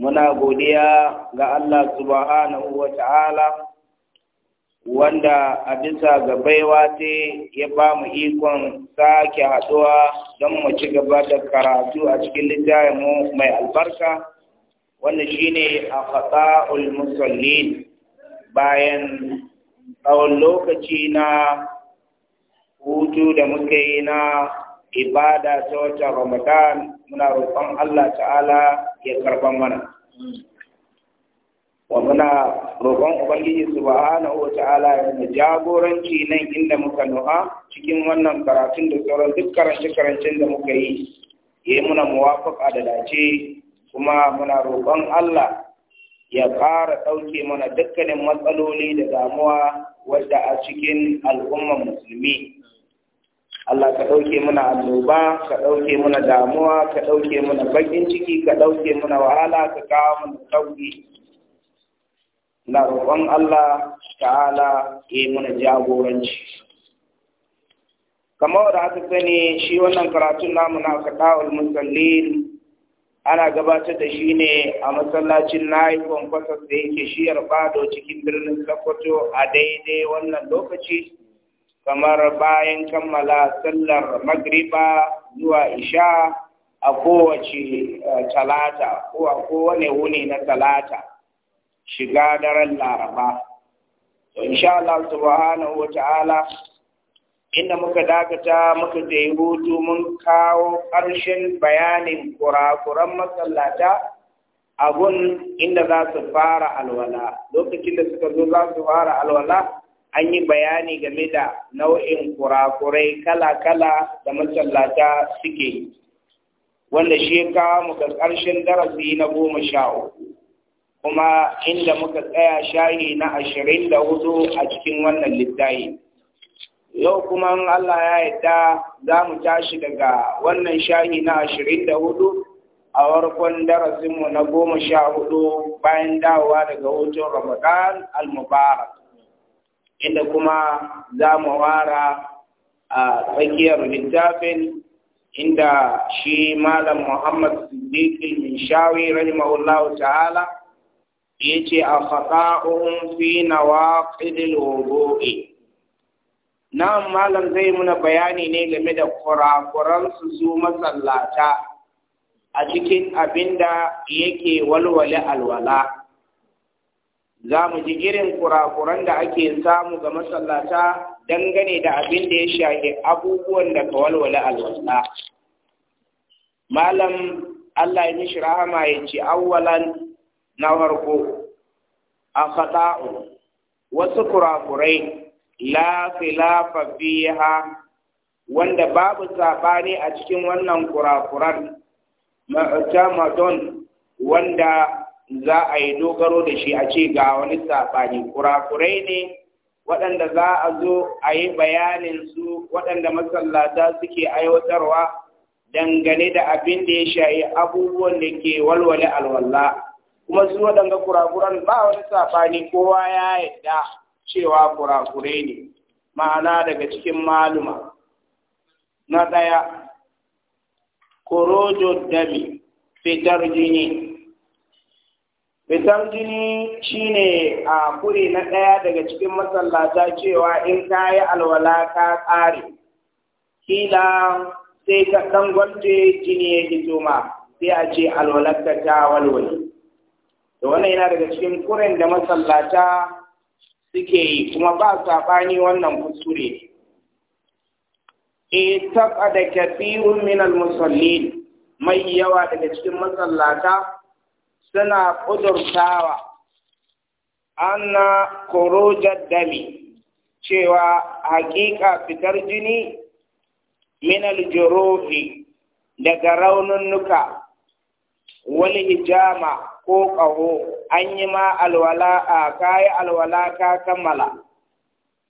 muna godiya ga Allah subhanahu wa ta'ala wanda a bisa ga baiwa ce ya ba mu ikon sake haɗuwa don mu ci gaba da karatu a cikin littafinmu mai albarka wanda shine a faɗa ulmus'allin. bayan tsawon lokaci na hutu da muka yi na ibada ta wata ramadan muna roƙon Allah ta'ala ya karɓar mana wa muna roƙon ubangiji subhanahu wa ta'ala ya mu jagoranci nan inda muka nuha cikin wannan karatun da sauran duk karance karancen da muka yi ya yi muna muwafaƙa da dace kuma muna roƙon Allah ya ƙara ɗauke mana dukkanin matsaloli da damuwa wadda a cikin al'ummar musulmi Allah ka ɗauke muna annoba ka ɗauke muna damuwa ka ɗauke muna bakin ciki ka ɗauke muna wahala ka kawo muna sauki na roƙon Allah ta'ala ya muna jagoranci kamar da aka sani shi wannan karatun namu na kaɗawar musallin ana gabatar da shi ne a masallacin naifon kwasas da yake shiyar bado cikin birnin sokoto a daidai wannan lokaci kamar bayan kammala sallar magriba zuwa isha a kowace eh, talata ko a kowane wuni na talata shiga daren laraba. To, insha Allah subhanahu wa ta'ala, inda muka dakata muka zai hutu mun kawo ƙarshen bayanin kurakuran masallata abun inda za su fara alwala, lokacin da suka zo za su fara alwala. an yi bayani game da nau'in kurakurai kala-kala da masallata suke wanda shi kawo muka ƙarshen darasi na goma sha uku kuma inda muka tsaya shayi na ashirin da hudu a cikin wannan littafi yau kuma Allah ya yadda za mu tashi daga wannan shayi na ashirin da hudu a warkon darasinmu na goma sha hudu bayan dawowa daga hutun Ramadan al-Mubarak. inda kuma za mu wara a tsakiyar littafin inda shi malam Muhammad Siddiqil Minshawi rahimahullahu ta'ala yace a khata'uhum fi nawaqidil wudu'i nan malam zai muna bayani ne game da kurakuran su su masallata a cikin abinda yake walwale alwala za mu ji girin kurakuran da ake samu ga masallata dangane da abin da ya shafi abubuwan da ka walwala alwasa. Malam Allah ya mishi rahama ya ce awwalan na farko a fata'u wasu kurakurai la filafa fiha wanda babu saɓani a cikin wannan kurakuran ma'tamadon wanda za a yi dogaro da shi a ce ga wani saɓani kurakurai ne waɗanda za a zo a yi bayaninsu waɗanda masallata suke aiwatarwa dangane da abin da ya shayi abubuwan da ke walwale alwallah kuma su waɗanda kurakuran ba wani saɓani kowa ya yadda cewa kurakurai ne ma'ana daga cikin maluma na ɗaya korojo dami fitar jini fitar jini shine a kure na ɗaya daga cikin masallata cewa in ka yi alwala ka ƙare kila sai ka ɗan gwamce jini ya ke ma sai a ce alwalarka ta walwale da wannan yana daga cikin kuren da masallata suke yi kuma ba saɓani wannan kuskure e taɓa da kafirun min al-musallin mai yawa daga cikin masallata suna ƙudurtawa ana kurujar dami cewa hakika fitar jini minal jirofi, daga raununnuka wani hijama ko ƙaho an yi ma alwala a kayi alwala ka kammala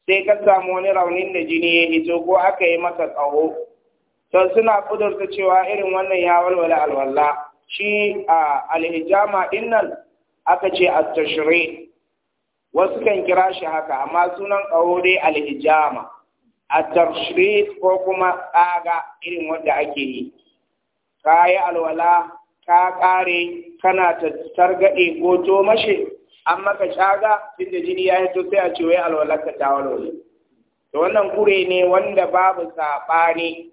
sai ka samu wani raunin da jini ya hito ko aka yi masa ƙaho to suna ƙudurta cewa irin wannan ya walwala alwala shi a alhijama dinnan aka ce a wasu kan kira shi haka amma sunan kawo dai alhijama at ko kuma tsaga irin wanda ake yi kayi alwala ka kare kana ta targade ko to mashe an maka shaga tunda jini ya hito sai a ce wai alwala ka ta to wannan kure ne wanda babu sabani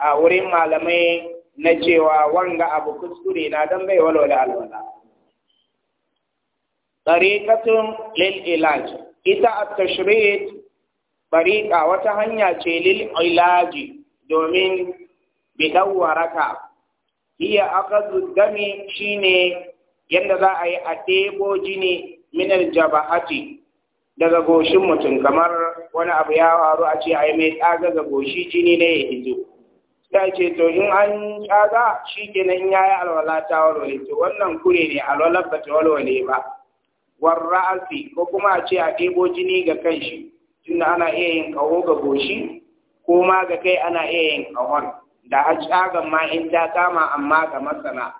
a wurin malamai na cewa wanga abu kuskure na don bai walwala alwala tariqatun lil ilaj ita at-tashrid tariqa wata hanya ce lil domin bidan iya hiya akadu dami shine yadda za a yi a ɗebo jini minar jabahati daga goshin mutum kamar wani abu ya waru a ce a mai tsaga ga goshi jini ne ya hizo sai ce to in an kaga shi kenan ya yi alwala ta walwale to wannan kure ne alwala ba ta walwale ba ra'asi, ko kuma a ce a ɗebo jini ga kan shi tunda ana iya yin ƙaho ga goshi ko ma ga kai ana iya yin ƙahon da a cagan ma in ta kama amma ga masana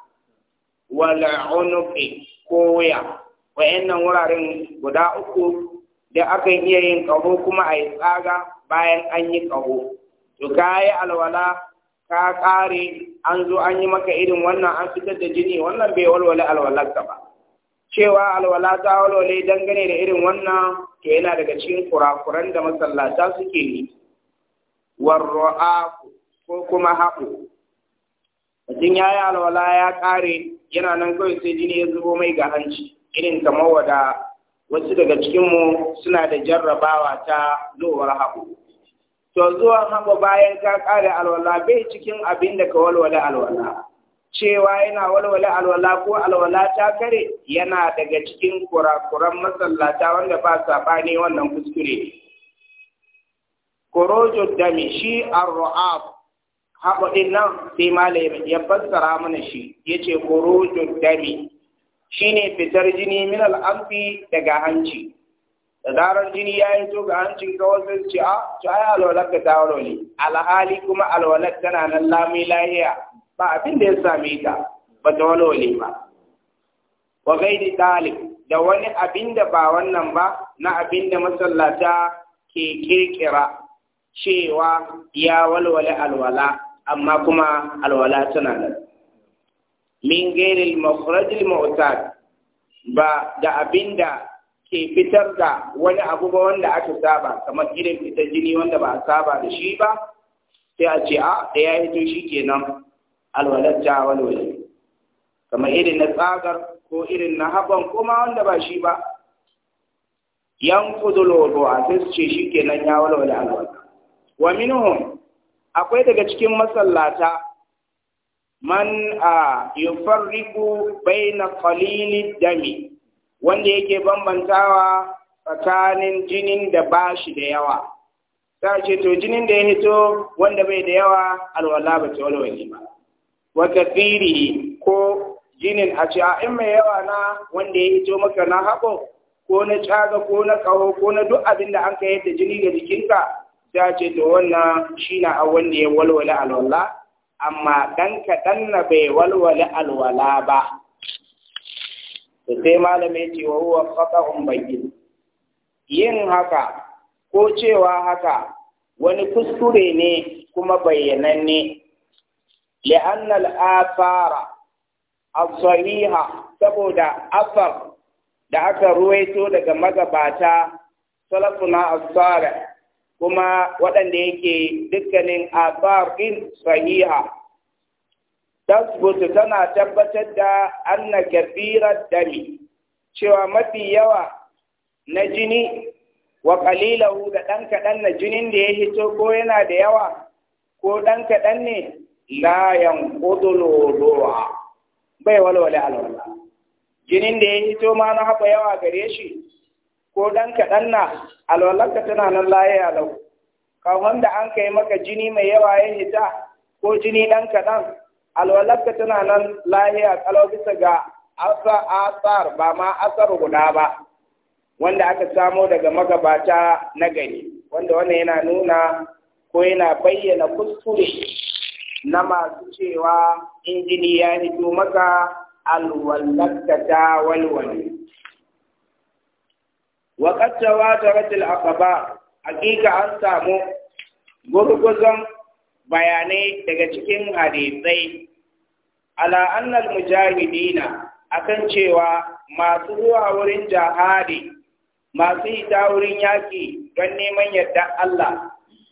wala onufi ko wuya wayannan wuraren guda uku da aka iya yin ƙaho kuma a yi tsaga bayan an yi ƙaho to ka yi alwala ka ƙare an zo an yi maka irin wannan an fitar da jini wannan bai walwale alwalarka ba cewa alwala ta walwale dangane da irin wannan to yana daga cikin kurakuran da masallata suke yi warra'aku ko kuma haku mutum ya yi alwala ya ƙare yana nan kawai sai jini ya zubo mai ga hanci irin kamar wada wasu daga cikinmu suna da jarrabawa ta lowar haƙo. to zuwa haka bayan ka ƙare alwala bai cikin abin da ka walwala alwala cewa yana walwala alwala ko alwala ta kare yana daga cikin kurakuran masallata wanda ba sabani wannan kuskure korojo dami shi arru'ab haɓa ɗin nan sai malam ya fassara mana shi yace ce korojo dami shine fitar jini min al'amfi daga hanci da jini ya yi to ga hancin ka wasu ce a ah, ci ai alwalar ka ta ne alhali kuma alwalar tana nan lami lahiya ba abin da ya sami ta ba ta wani wani ba wa gaidi dalib da wani abin da ba wannan ba na abin da masallata ke kirkira cewa ya walwale alwala amma kuma alwala tana nan min gairil makhrajil mu'tad ba da abin da. ke fitar da wani abu ba wanda aka saba kamar irin fitar jini wanda ba a saba da shi ba sai a ce a da ya yi shi ke nan ta walwale kamar irin na tsagar ko irin na haban kuma wanda ba shi ba yan kudulodo a sai su ce shi nan ya walwale alwala wa minhum akwai daga cikin masallata man a bai na kwalini dami wanda yake bambantawa tsakanin jinin da ba shi da yawa ta ce to jinin da ya hito wanda bai da yawa alwala ba ta wani ba wata firi ko jinin a ce a in mai yawa na wanda ya hito maka na haƙo ko na caga ko na ƙaho ko na duk abin da an ka yadda jini ga jikinka ta ce to wannan shi na a wanda ya walwala alwala amma ɗan kaɗan na bai walwala alwala ba to sai malamai ce wa huwa khata'un bayyin yin haka ko cewa haka wani kuskure ne kuma bayyananne anna al-athara as-sahiha saboda afar da aka ruwaito daga magabata salafuna as-salih kuma waɗanda yake dukkanin afar in sahiha tasbutu tana tabbatar da anna kabirar dami cewa mafi yawa na jini wa qalilahu da ɗan kaɗan na jinin da ya hito ko yana da yawa ko ɗan kaɗan ne la yanqudul wudu'a bai walwale alwala jinin da ya hito ma na haɓa yawa gare shi ko ɗan kaɗan na alwalanka tana nan laye ya lau kawon an kai maka jini mai yawa ya hita ko jini dan kaɗan alwalarka tana nan lahiya kalau bisa ga asar ba ma asar guda ba wanda aka samo daga magabata na gari wanda wannan yana nuna ko yana bayyana kuskure na masu cewa injini ya hito maka alwalarka ta walwale وقد تواترت الأخبار hakika an samu gurguzon bayanai daga cikin hadisai ala annal mujahidina akan cewa masu zuwa wurin jahadi masu hita wurin yaƙi don neman yadda Allah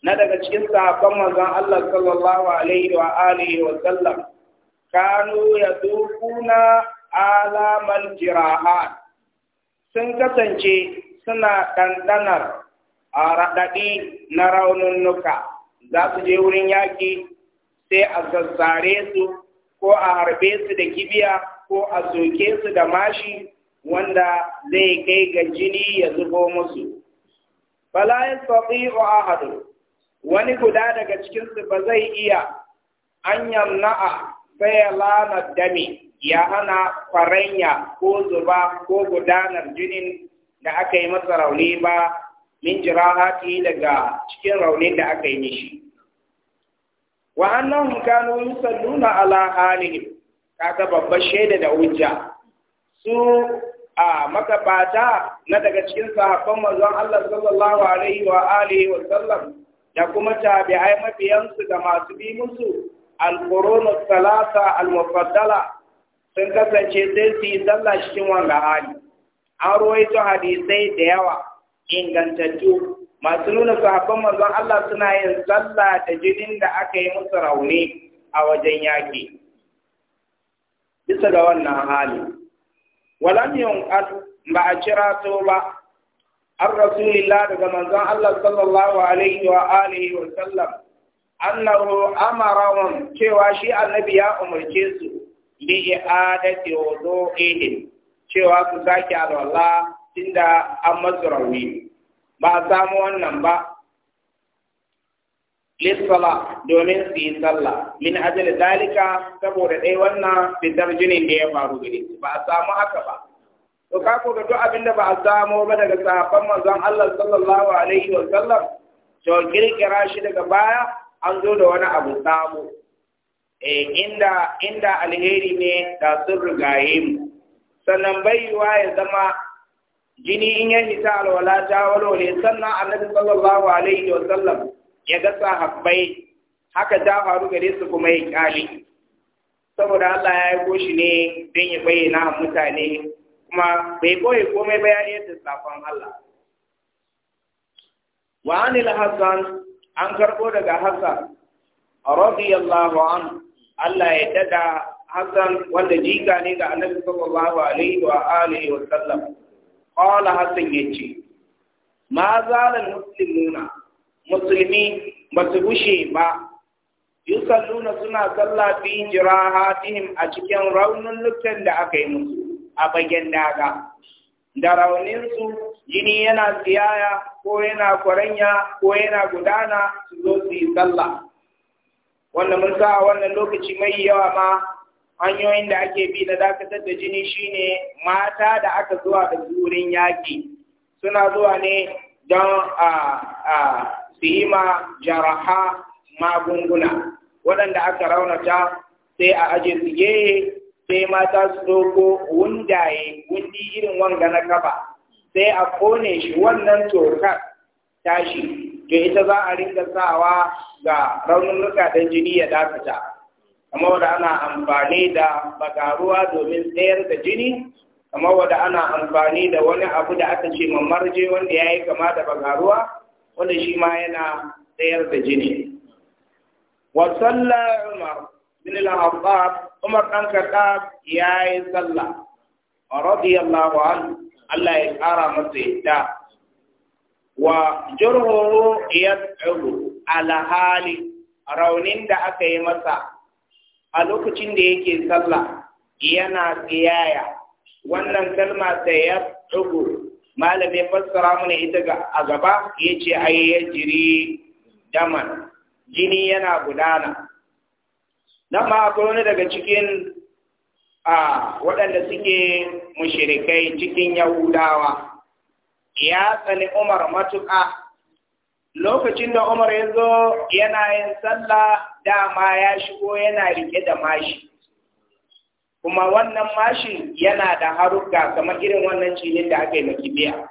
na daga cikin sahabban manzon Allah sallallahu alaihi wa alihi wa sallam kanu yadukuna alamal jirahat sun kasance suna ɗanɗanar a raɗaɗi na raunin nuka za su je wurin yaƙi sai a zazzare su ko a harbe su da kibiya ko a soke su da mashi wanda zai kai ga jini ya zubo musu. Bala ya sauƙi ahadu wani guda daga cikinsu ba zai iya an yamna'a sai ya lana dami ya hana faranya ko zuba ko gudanar jinin da aka yi masa rauni ba min jirahati daga cikin raunin da aka yi mishi wa annahum kanu yusalluna ala halihim kaga babbar shaida da hujja su a makabata na daga cikin sahabban manzon Allah sallallahu alaihi wa alihi wa sallam da kuma tabi'ai mabiyansu da masu bi musu al-qurun salasa al-mufaddala sun kasance sai su yi sallah cikin wanga hali an ruwaito hadisai da yawa ingantattu masu nuna sahabban manzon Allah suna yin sallah da jinin da aka yi musu rauni a wajen yaki bisa ga wannan hali walam an ba a kira to ba an rasulillah daga manzon Allah sallallahu alaihi wa alihi wa sallam annahu amarahum cewa shi annabi ya umarce su bi i'adati cewa su sake alwala inda an masu rauni ba a samu wannan ba lissala domin su yi sallah min ajiyar dalika saboda dai wannan fitar jinin da ya faru gare su ba a samu haka ba to ka ko duk abin da ba a samu ba daga safan manzon Allah sallallahu alaihi wa sallam to kirkira shi daga baya an zo da wani abu samu eh inda inda alheri ne da sun rigaye mu sannan bai wa ya zama jini in ya hita alwala ta ne, sannan annabi sallallahu alaihi wa sallam ya ga sahabbai haka ta faru gare su kuma ya kyale saboda Allah ya yi shi ne don ya bayyana mutane kuma bai koyi komai ba ya da safon Allah wa anil hasan an karbo daga hasan radiyallahu an Allah ya dada hasan wanda jika ne ga annabi sallallahu alaihi wa alihi wa sallam Hassan hasan yace ma zalal muslimuna musulmi ba su gushe ba nuna suna sallah fi jirahatihim a cikin raunin lukan da aka yi musu a bagen daga da rauninsu jini yana tsiyaya ko yana kwaranya ko yana gudana su zo su yi sallah wanda mun sa a wannan lokaci mai yawa ma hanyoyin da ake bi na dakatar da jini shine mata da aka zuwa da wurin yaƙi suna zuwa ne don a su yi ma jaraha magunguna waɗanda aka raunata sai a aje su gehe sai mata su doko wundaye wundi irin wanga na kaba sai a kone shi wannan tokar tashi to ita za a rinka sawa ga raunuka da jini ya dakata kamar wadda ana amfani da bagaruwa domin tsayar da jini kamar wadda ana amfani da wani abu da aka ce mamarje wanda ya yi kama da bagaruwa wanda shi ma yana tsayar da jini wasalla umar bin al-khattab umar dan ya yayi sallah radiyallahu anhu Allah ya ƙara masa yadda wa jurhu yad'u ala hali raunin da aka yi masa a lokacin da yake sallah yana tsiyaya wannan kalma ta ya malami malamin fassara mana ita ga a gaba ya ce ai jiri daman jini yana gudana nan ma akwai wani daga cikin a waɗanda suke mushirikai cikin yahudawa ya tsani umar matuƙa lokacin da Umar ya zo yana yin sallah dama ya shigo yana rike da mashi kuma wannan mashi yana da haruka kamar irin wannan cinin da aka yi makibiya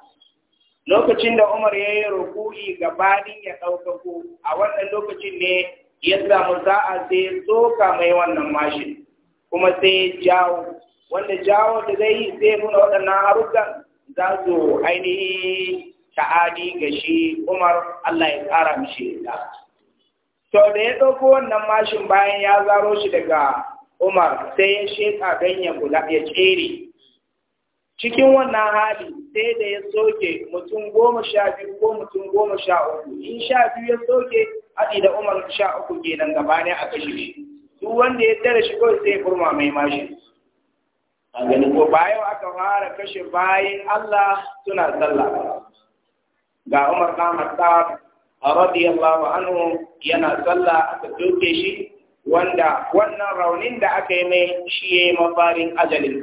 lokacin da Umar ya yi ruku'i gabanin ya ɗaukako a wannan lokacin ne ya samu za'a sai tsoka mai wannan mashin kuma sai jawo wanda jawo da zai yi zai nuna waɗannan harukan za su ainihi ta'adi ga shi Umar Allah ya ƙara mishi da. To da ya ɗauko wannan mashin bayan ya zaro shi daga Umar sai ya sheƙa ganyen kula ya tsere. Cikin wannan hali sai da ya soke mutum goma sha biyu ko mutum goma sha uku. In sha biyu ya soke haɗi da Umar sha uku kenan a kashe shi. Duk wanda ya tare shi kawai sai ya kurma mai mashin. A gani ko bayan aka fara kashe bayan Allah suna sallah. ga Umar dan Khattab radiyallahu anhu yana sallah aka doke shi wanda wannan raunin da aka yi mai shi ya yi mafarin ajalin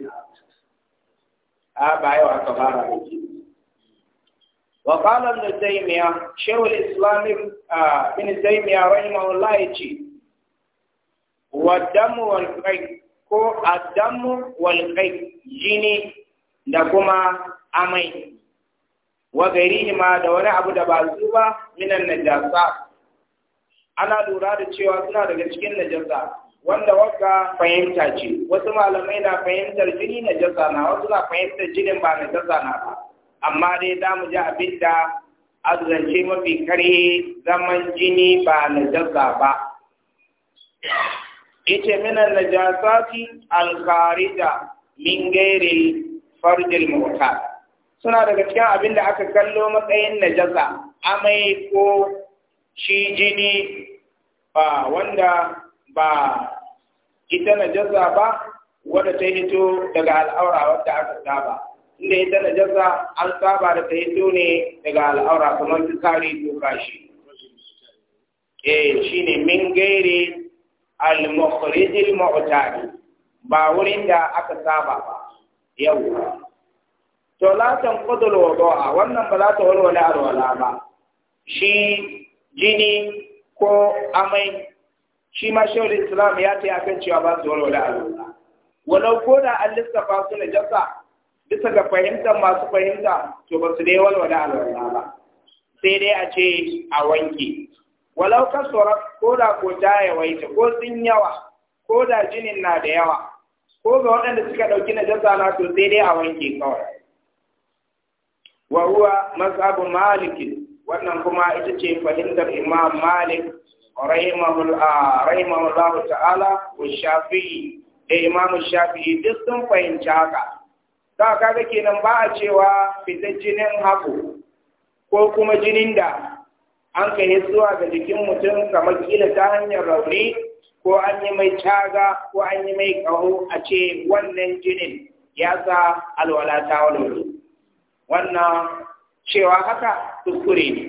a bayo aka fara da ke wa qala ibn taymiya shaykh al-islam ibn taymiya rahimahullah yace wa damu wal ko a wal qayy jini da kuma amai wa ma da wani abu da ba su ba minan najasa ana lura da cewa suna daga cikin najasa wanda wagga fahimta ce wasu malamai na fahimtar jini najasa na wasu na fahimtar jinin ba najasa na ba amma dai za mu ji abin da azance mafi kare zaman jini ba najasa ba ita minan najasati alkarida min gairi farjil mu'tad suna daga cikin abin da aka kallo matsayin najasa amai ko shi jini ba wanda ba ita najasa ba wadda ta hito daga al'aura wadda aka saba inda ita najasa an saba da ta hito ne daga al'aura kamar fitsari ko kashi eh ne min gairi al-mukhrijil mu'tadi ba wurin da aka saba ba yau to la tanqudul wudu'a wannan ba za ta walwala alwala ba shi jini ko amai shi ma shawar islam ya ta akan cewa ba su walwala alwala walau ko da an lissafa su na jasa bisa ga fahimtar masu fahimta to ba su dai walwala alwala ba sai dai a ce a wanke walau kasura ko da ko ta yawaita ko sun yawa ko da jinin na da yawa ko ga waɗanda suka ɗauki na jasa na to sai dai a wanke kawai wa huwa mazhabu malik wannan kuma ita ce fahimtar imam malik ah, rahimahullahu ta'ala wa shafi'i da eh, imam shafi'i duk sun fahimta haka ta kaga kenan ba a cewa fitar jinin haku ko kuma jinin da an kai zuwa ga jikin mutum kamar kila ta hanyar rauni ko an yi mai caga ko an yi mai kaho a ce wannan jinin ya sa alwala ta wannan cewa haka tukure ne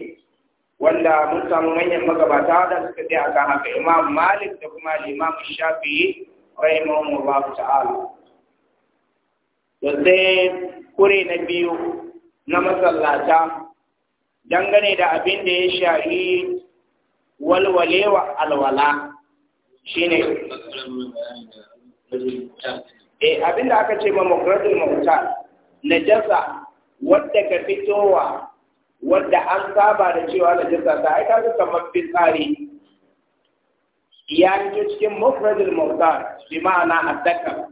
wanda mun samu manyan magabata da suka tsaya akan haka imam malik da kuma imam shafi'i rahimahumullahu ta'ala to sai kure na biyu na masallata dangane da abin da ya shari walwalewa alwala shine eh abin da aka ce ma mukradul na najasa wadda ka fitowa wadda an saba da cewa najasa ta ai su kamar fitsari ya fito cikin mufradul muhtar bi ma'ana addaka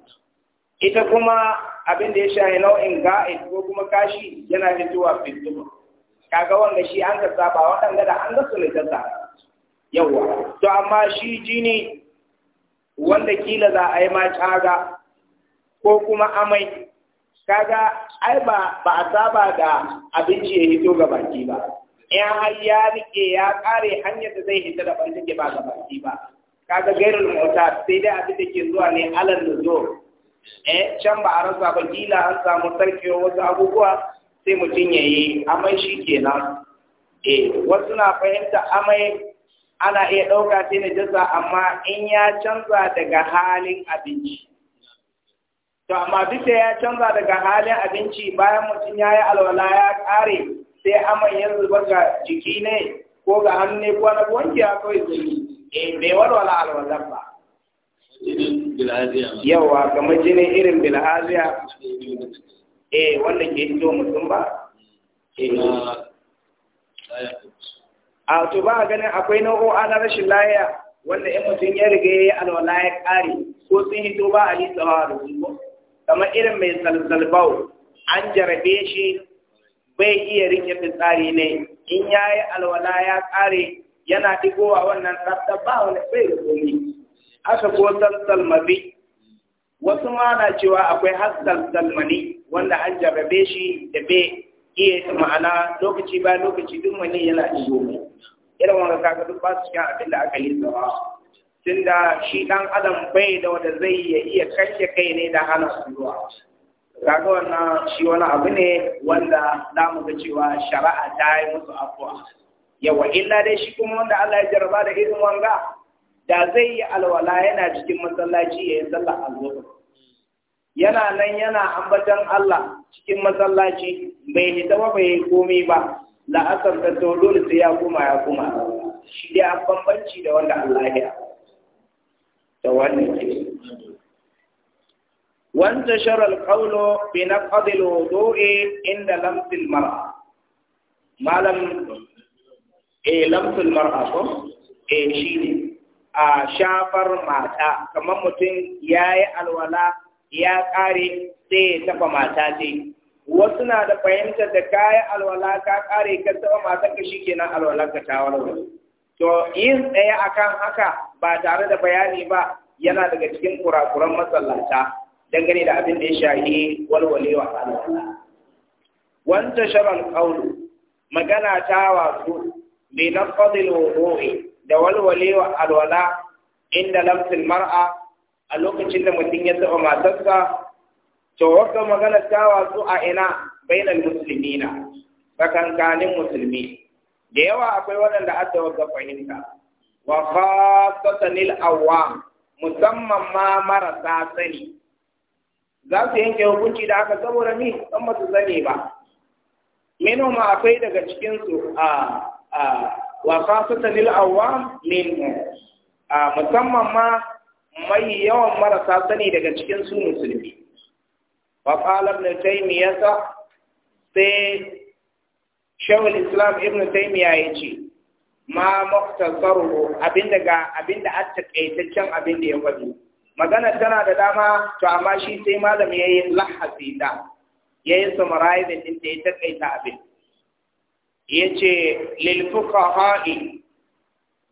ita kuma abin da ya shahi nau'in ga'id ko kuma kashi yana fitowa fituma kaga wanda shi an ka saba waɗanda da an ga su najasa yawa to amma shi jini wanda kila za a yi ma caga ko kuma amai kaga ai ba ba a saba da abinci ya hito ga baki ba in har ya rike ya kare hanyar da zai hita da barci ke ba ga baki ba kaga gairul mota sai dai abin da ke zuwa ne alal nuzo eh can ba a rasa ba kila an samu sarkewa wasu abubuwa sai mutum ya yi amai shi kenan eh wasu na fahimta amai ana iya ɗauka sai na jasa amma in ya canza daga halin abinci to amma duk da ya canza daga halin abinci bayan mutum ya yi alwala ya ƙare sai aman ya zuba ga jiki ne ko ga hannu ne ko na wanke ya kawai zai eh bai walwala alwala ba yawa kamar jinin irin bilhaziya eh wanda ke hito mutum ba eh. a to ba a ganin akwai nau'o'a na rashin lahiya wanda in mutum ya riga ya yi alwala ya ƙare ko sun hito ba a yi tsawa da zuwa. kamar irin mai salsalbau an jarabe shi bai iya rike fitsari ne in ya yi alwala ya tsare yana digowa wannan tsafta ba wani bai da komi aka ko salsal wasu ma na cewa akwai har salmani wanda an jarabe shi da bai iya ma'ana lokaci ba lokaci duk wani yana digo irin wanda kaga duk ba su cikin abin da aka yi zama tunda shi ɗan adam bai da wanda zai ya iya kashe kai ne da hana zuwa kaga wannan shi wani abu ne wanda za mu ga cewa shari'a ta yi musu afuwa yawa illa dai shi kuma wanda Allah ya jarba da irin wanga da zai yi alwala yana cikin masallaci ya yi sallar alwala yana nan yana ambaton Allah cikin masallaci bai hita ba bai komai ba la'asar da dole sai ya koma ya koma shi dai a bambanci da wanda Allah ya da wannan ke wanda sharar kaulo bi na ƙadil wudu'i inda lamsil mara malam e eh, lamsil mara ko e shi ne a shafar mata kamar mutum ya yi alwala ya ƙare sai ya tafa mata ce wasu na da fahimtar da ka yi alwala ka ƙare ka taɓa mata ka shi kenan alwala ka ta warware To yin tsaye akan haka ba tare da bayani ba yana daga cikin kurakuran masallata dangane da abin da ya shahi walwale wa alwala. Wanta sharal qawlu magana ta wasu bi nafdil wudu'i da walwale wa alwala inda lamsil mar'a a lokacin da mutum ya taɓa matarsa to wata magana ta wasu a ina bainal muslimina tsakankanin musulmi da yawa akwai waɗanda adda wanda fahimta wa khasatan lil awam musamman ma marasa sani za su yanke hukunci da aka saboda ni dan ba su sani ba ma akwai daga cikin su a a wa khasatan lil awam minhum a musamman ma mai yawan marasa sani daga cikin su musulmi wa qala ibn taymiyah sai shawul islam ibn taymiya ya ce ma muktasaruhu abinda ga abinda a takaitaccen abinda ya faɗi magana tana da dama to amma shi sai malami yi lahasi Ya yayi summarizing din da ya takaita abin Ya ce, Lilfuka ha'i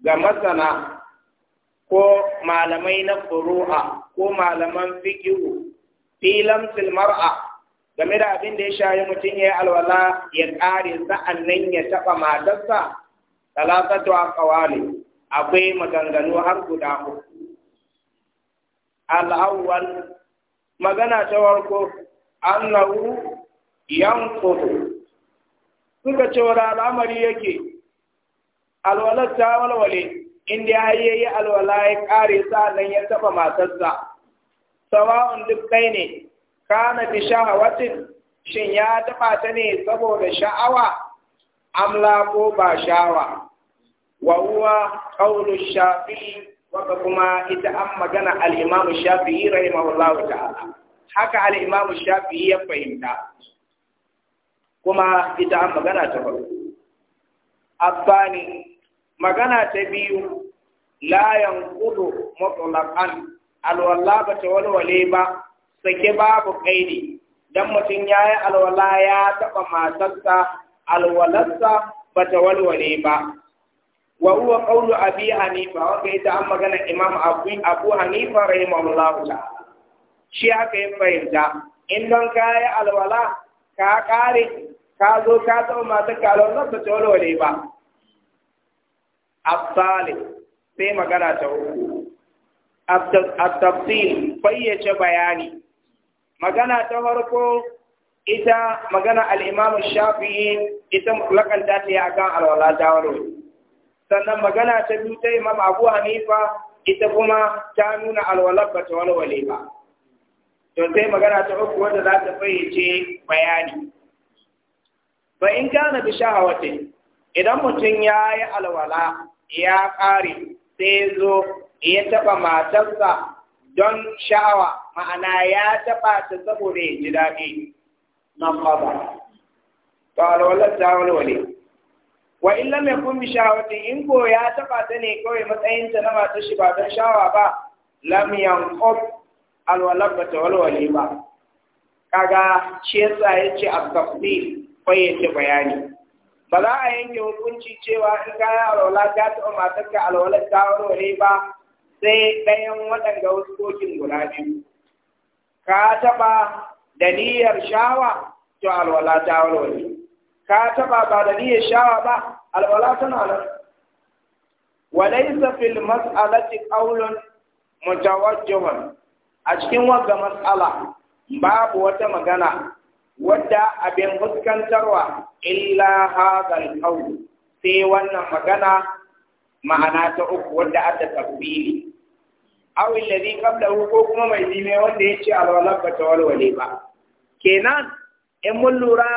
ga masana ko malamai na furu'a ko malaman fikiru. filan silmar'a. game da abin da ya shayi mutum ya yi alwala ya ƙare sa'annan ya taɓa matarsa talatatu a ƙawali akwai maganganu har guda uku al'awwal magana ta warko annahu yanqudu suka ce wa al'amari yake alwalar ta walwale inda ya yi alwala ya ƙare sa'annan ya taɓa matarsa sawa'un duk kai ne kana bi shahawatin shin ya taba ta ne saboda sha'awa amla ko ba sha'awa wa huwa qawlu shafi'i wa kuma ita an magana al-imam shafi'i rahimahullahu ta'ala haka al-imam shafi'i ya fahimta kuma ita an magana ta farko abani magana ta biyu la yanqudu mutlaqan alwalla ba ta ba sake babu kaidi dan mutum ya yi alwala ya taɓa matarsa alwalarsa ba ta walwale ba wa huwa qawlu abi hanifa wa ita an magana imam abu abu hanifa rahimahullahu ta. shi aka yi fahimta in don ka yi alwala ka kare ka zo ka taɓa matarka alwalarsa ba ta walwale ba afsali sai magana ta uku التفصيل fayyace bayani. magana ta farko ita magana al'imam shafi'i ita mulakan ta ta a kan alwala ta waro sannan magana ta biyu ta imam abu hanifa ita kuma ta nuna alwalar ba ta walwale ba to sai magana ta uku wadda za ta fayyace bayani ba in kana bi shahawatin idan mutum ya yi alwala ya ƙare sai zo ya taɓa matarsa don sha'awa ma'ana ya taɓa ta saboda ya ji daɗi nan maza to alwalar ta wani. wa in lam yakun bi in ko ya taɓa ta ne kawai matsayinta na masu shi ba don sha'awa ba lam yanqab alwalar ba ta walwale ba kaga shesa ya ce a kafi kwayyace bayani ba za a yanke hukunci cewa in ka yi alwala ka taɓa matarka alwalar ta walwale ba sai ɗayan waɗanda huskokin guda biyu ka taɓa da niyyar shawa to alwala ta walwale ka taɓa ba da niyyar shawa ba alwala tana nan walaysa fil mas'alati qawlun mutawajjihun a cikin wata matsala babu wata magana wadda abin fuskantarwa illa hadal qawl sai wannan magana ma'ana ta uku wadda ta tabbili awil ladhi qablahu ko kuma mai zime wanda yace ce alwala ba wale walwale ba kenan in mun lura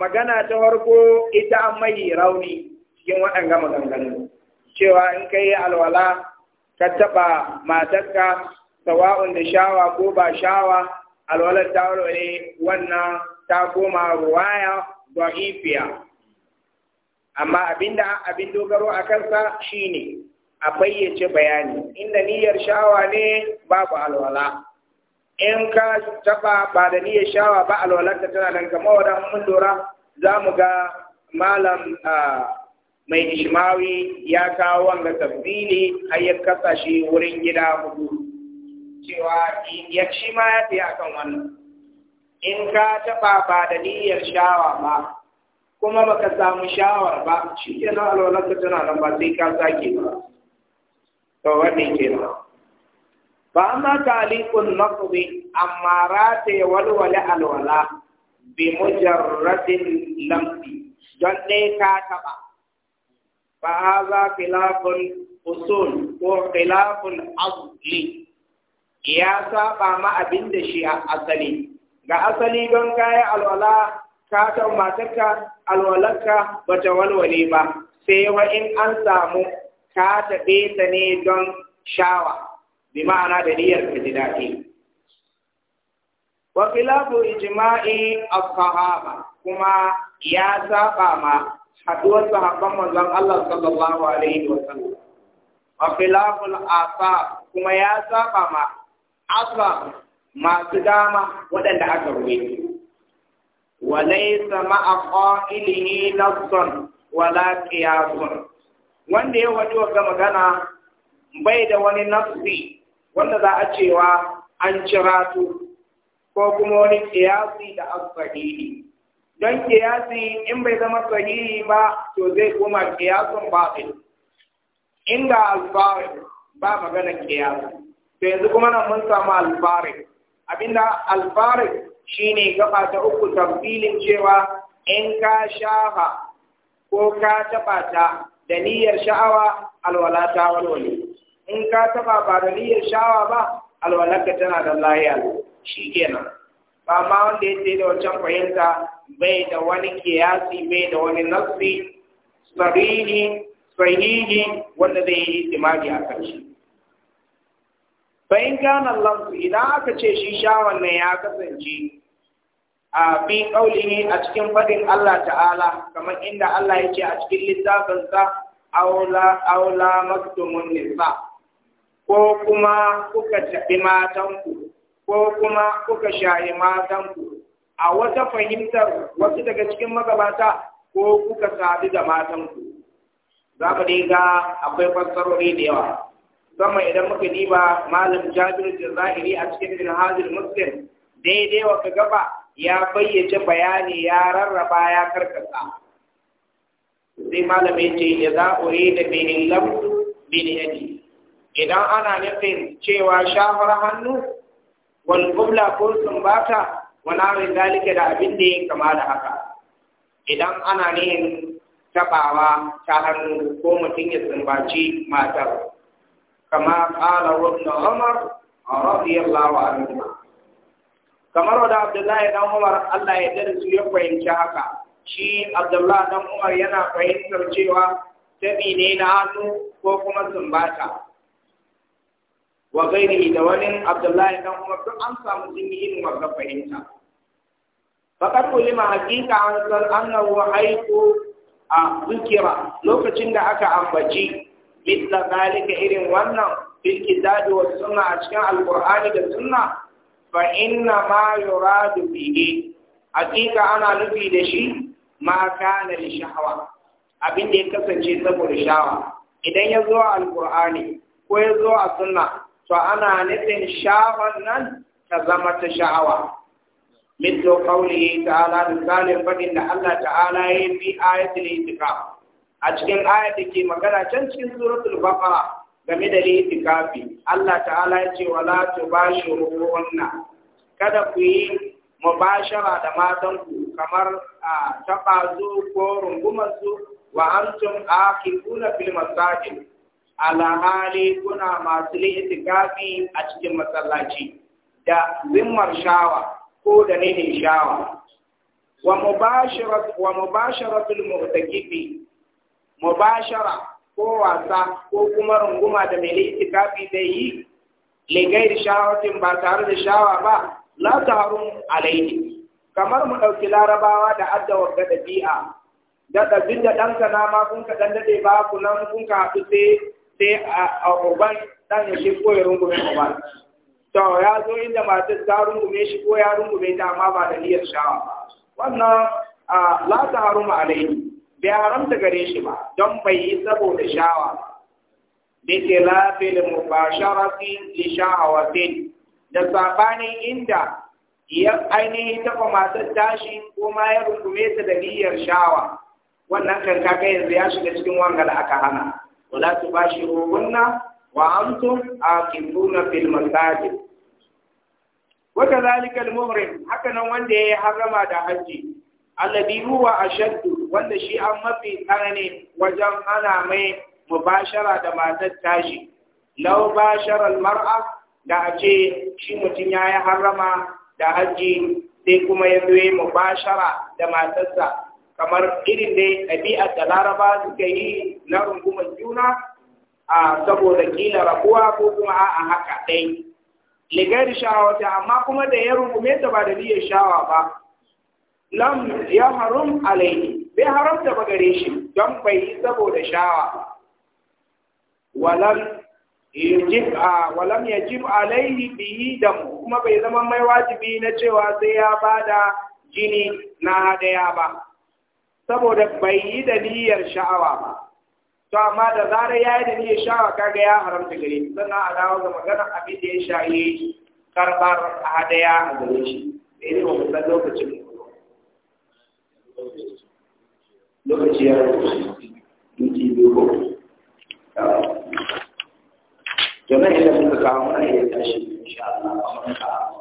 magana ta farko ita an mai rauni cikin waɗanga maganganu cewa in kai alwala ka taɓa matarka sawa'un da shawa ko ba shawa alwalar ta walwale wannan ta koma ruwaya ifiya amma abinda abin dogaro a kansa shine a fayyace bayani inda niyyar shawa ne babu alwala in ka taba ba da niyyar shawa ba alwalarka tana nan kamar wadan mun lura za mu ga malam mai ishmawi ya kawo wanga tabbili har ya kasa shi wurin gida hudu cewa ya shi ma ya fi akan wannan in ka taba ba da niyyar shawa ba kuma baka samu shawar ba shi kenan alwalarka tana nan ba sai ka sake ba Ba wannan kenan fa amma ta'liqun naqdi amma alwala bi mujarradin lamsi don dai ka taba fa hadha khilafun usul ko khilafun asli ya saba ma abin da shi a asali ga asali don kaya alwala ka san matarka alwalarka bata walwale ba sai wa in an samu ka taɓe ta ne don shawa bi ma'ana da niyyar ka ji daɗi wa filafu ijma'i as-sahaba kuma ya saba ma haduwar sahabban manzon Allah sallallahu alaihi wa sallam wa filafu al-asab kuma ya saba ma asab masu dama waɗanda aka rubuta wa laisa ma'a qa'ilihi nassun wala qiyasun wanda ya wani ga magana bai da wani nafsi wanda za a cewa an ciratu ko kuma wani kiyasi da asfahili don kiyasi in bai zama sahihi ba to zai koma kiyasun batil inda alfarin ba magana kiyasi to yanzu kuma nan mun samu alfarin abinda alfarin shine gaba ta uku tafsilin cewa in ka shafa ko ka taba ta da niyyar sha'awa alwala ta wani in ka taba ba da niyyar sha'awa ba ka tana da lahiya kenan. ba ma wanda ya da wancan fahimta bai da wani kiyasi bai da wani nafsi sarihi sahihi wanda zai yi imani a kan shi bayan gane lafsu idan aka ce shi sha'awan ne ya kasance a fi kaulihi a cikin fadin Allah ta'ala kamar inda Allah yake a cikin littafin sa aula aula maktumun nisa ko kuma kuka tafi matanku ko kuma kuka shayi matanku a wata fahimtar wasu daga cikin magabata ko kuka sadu da matanku za dai ga akwai fassarori da yawa sama idan muka diba malam jabir zahiri a cikin minhajul muslim daidai wa ka gaba ya bayyace bayani ya rarraba ya karkasa sai malamin ce ya za a yi da benin lamdu benin yadi idan ana nufin cewa shafar hannu wani kubla ko sumbata wana mai zalike da abin da ya kama da haka idan ana nihin tabawa ta hannu ko mutum ya sumbaci matar kama kala rubna umar a anhu kamar wadda Abdullahi dan Umar Allah ya dare su ya fahimci haka shi Abdullahi dan Umar yana fahimtar cewa tabi ne na hannu ko kuma sumbata wa da wani Abdullahi dan Umar duk an samu jini irin wannan fahimta fakat ma hakika an san annahu haiku a zikira lokacin da aka ambaci mithla zalika irin wannan bil kitabi wa sunna a cikin alqur'ani da sunna fa inna ma yuradu bihi ana nufi da shi ma kana li shahwa abin ya kasance saboda shahwa idan ya zo alqur'ani ko ya zo a sunna to ana nufin shahwan nan ta zama ta shahwa mithlu qawlihi ta'ala misalin fadin da Allah ta'ala yi fi ayatul itiqaf a cikin ayat da ke magana can cikin suratul baqara game da litikafi Allah ta'ala ya ce wala tubashiruhunna kada ku yi mubashara da matan ku kamar a taba zu ko runguma su wa antum aqiquna fil masajid ala hali kuna masu litikafi a cikin masallaci da zimmar shawa ko da ne shawa wa mubasharatul mu'takifi mubashara ko wasa ko kuma runguma da mai kafi zai yi legai da shawarcin ba tare da shawa ba la harun alaihi kamar mu ɗauki larabawa da addawar ga ɗabi'a da ɗabin da ɗanka na ma kun ka daɗe ba ku nan kun ka haɗu sai sai a uban ɗan ya shi ko ya rungume uban to ya zo inda matar ta rungume shi ko ya rungume ta amma ba da niyyar shawa wannan la taharun alaihi bai haramta gare shi ba don bai yi saboda shawa bi khilafil mubasharati li shahawatin da sabanin inda ya ainihin taɓa matar tashi ko ma ya rungume ta da niyyar shawa wannan kan yanzu ya shiga cikin da aka hana wala tubashiruhunna wa antum aqifuna fil masajid wa kadhalika muhrim haka nan wanda yi harama da haji alladhi huwa ashaddu wanda shi an mafi tsanani wajen ana mai mubashara da matar tashi lau basharar mar'a da a ce shi mutum ya yi harama da hajji sai kuma ya zo mubashara da matarsa kamar irin dai ɗabi'ar da laraba suka yi na rungumar juna a saboda kila rabuwa ko kuma a haka ɗai ligar shawata amma kuma da ya rungume ta ba da niyyar shawa ba lam ya harum alaihi bai haramta ba gare shi don bai yi saboda sha'awa. walam yajib a alaihi bihi dam kuma bai zama mai wajibi na cewa sai ya bada jini na hadaya ba saboda bai yi da niyyar sha'awa ba to amma da zarar ya yi da niyyar sha'awa kaga ya haramta gare shi sannan a dawo ga magana abin da ya shaye karbar hadaya a gare shi da irin wannan lokacin lokaci ya duki kawo iya tashi insha Allah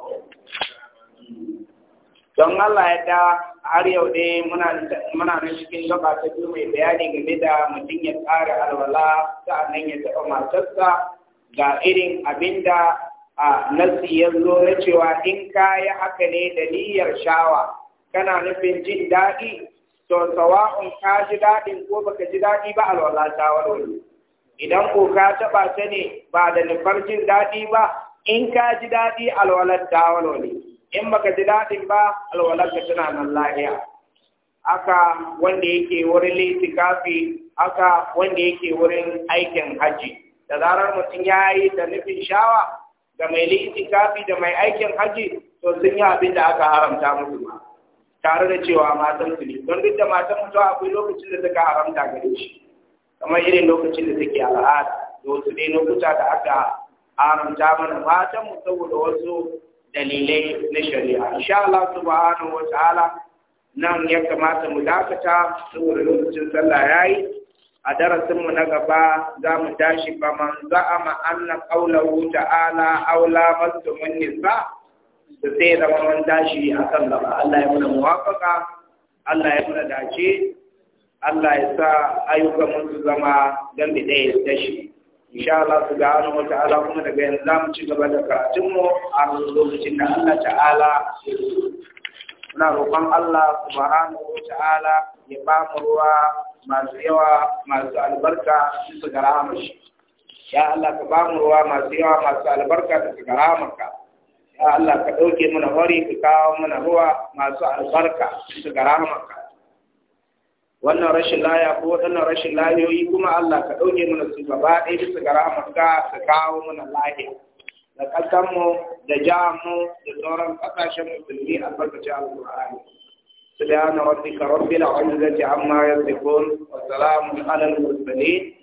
don Allah ya da har yau dai muna muna nan cikin gaba ta biyu mai bayani game da mutum ya tsara alwala sa'annan ya taɓa matarsa ga irin abinda a nasi ya zo na cewa in ka yi haka ne da niyyar shawa kana nufin jin daɗi to sawa'un ka ji daɗin ko baka ji daɗi ba alwala ta idan ko ka taɓa ta ne ba da nufar jin daɗi ba in ka ji daɗi alwalar ta in baka ji daɗin ba alwalar ka tana nan lahiya aka wanda yake wurin litikafi aka wanda yake wurin aikin haji da zarar mutum ya yi da nufin shawa da mai litikafi da mai aikin haji to sun yi abin da aka haramta musu ba tare da cewa matan su ne don duk da matan mutu akwai lokacin da suka haramta gare shi kamar irin lokacin da take al'ada da wasu ne lokuta da aka haramta mana matan mu saboda wasu dalilai na shari'a insha Allah subhanahu wa ta'ala nan ya kamata mu dakata saboda lokacin sallah yayi a darasin mu na gaba za mu tashi faman za'ama anna qawluhu ta'ala aula masu mastumun nisa' da sai da mun tashi a kan gaba Allah ya muna muwafaka Allah ya muna dace Allah ya sa ayyukan mun su zama dan da ɗaya da shi insha Allah su ga wani wata ala kuma daga yanzu za mu ci gaba da karatun mu a lokacin da Allah ta'ala muna roƙon Allah subhanahu wa ta'ala ya ba mu ruwa masu yawa masu albarka su ga rahama shi ya Allah ka ba mu ruwa masu yawa masu albarka su ga rahamarka Allah ka ɗauke mana wari ka kawo mana ruwa masu albarka su daga rahamarka wannan rashin laya ko waɗannan rashin layoyi kuma Allah ka ɗauke mana su gaba ɗaya bisa ga rahamarka ka kawo mana lahiya da ƙasanmu da jahanmu da sauran ƙasashen musulmi albarkacin alƙur'ani سبحان ربك amma العزة عما يصفون وسلام على المرسلين